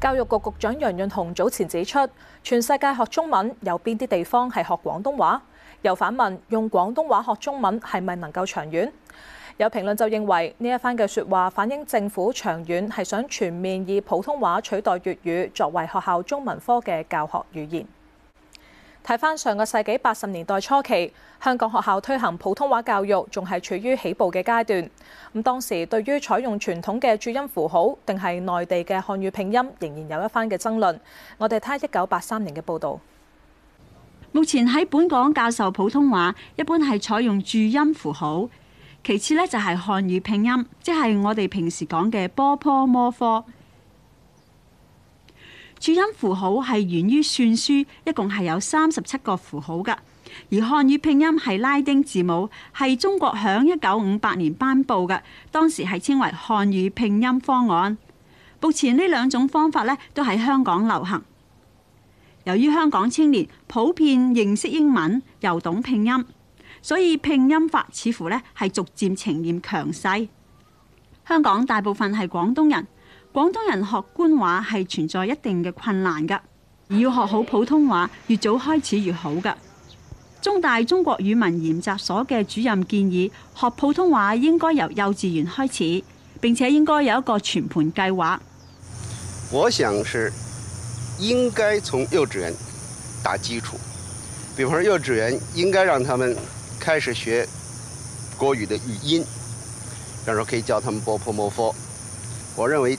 教育局局長楊潤雄早前指出，全世界學中文有邊啲地方係學廣東話？又反問用廣東話學中文係咪能夠長遠？有評論就認為呢一番嘅說話反映政府長遠係想全面以普通話取代粵語作為學校中文科嘅教學語言。睇翻上個世紀八十年代初期，香港學校推行普通話教育仲係處於起步嘅階段。咁當時對於採用傳統嘅注音符號定係內地嘅漢語拼音，仍然有一番嘅爭論。我哋睇下一九八三年嘅報導。目前喺本港教授普通話，一般係採用注音符號，其次呢就係漢語拼音，即係我哋平時講嘅波坡摩科。注音符號係源於算書，一共係有三十七個符號嘅。而漢語拼音係拉丁字母，係中國喺一九五八年頒布嘅，當時係稱為漢語拼音方案。目前呢兩種方法呢都喺香港流行。由於香港青年普遍認識英文又懂拼音，所以拼音法似乎呢係逐漸呈現強勢。香港大部分係廣東人。廣東人學官話係存在一定嘅困難㗎，而要學好普通話，越早開始越好㗎。中大中國語文研習所嘅主任建議，學普通話應該由幼稚園開始，並且應該有一個全盤計劃。我想是應該從幼稚園打基礎，比方說幼稚園應該讓他們開始學國語的語音，比方說可以教他們波破摩佛，我認為。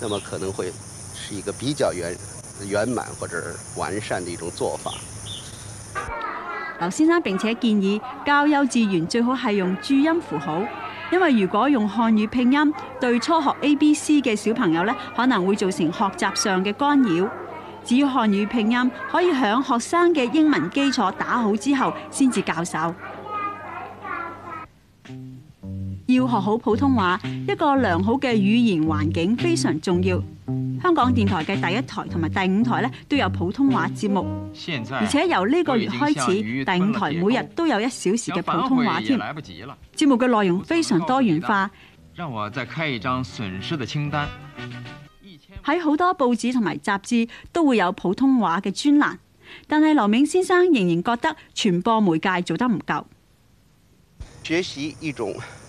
那麼可能會是一個比較圓圓滿或者完善的一種做法。劉先生並且建議教幼稚園最好係用注音符號，因為如果用漢語拼音，對初學 A B C 嘅小朋友呢，可能會造成學習上嘅干擾。至於漢語拼音，可以響學生嘅英文基礎打好之後先至教授。要學好普通話，一個良好嘅語言環境非常重要。香港電台嘅第一台同埋第五台咧都有普通話節目，而且由呢個月開始，第五台每日都有一小時嘅普通話添。節目嘅內容非常多元化。喺好多報紙同埋雜誌都會有普通話嘅專欄，但係劉銘先生仍然覺得傳播媒介做得唔夠。學習一種。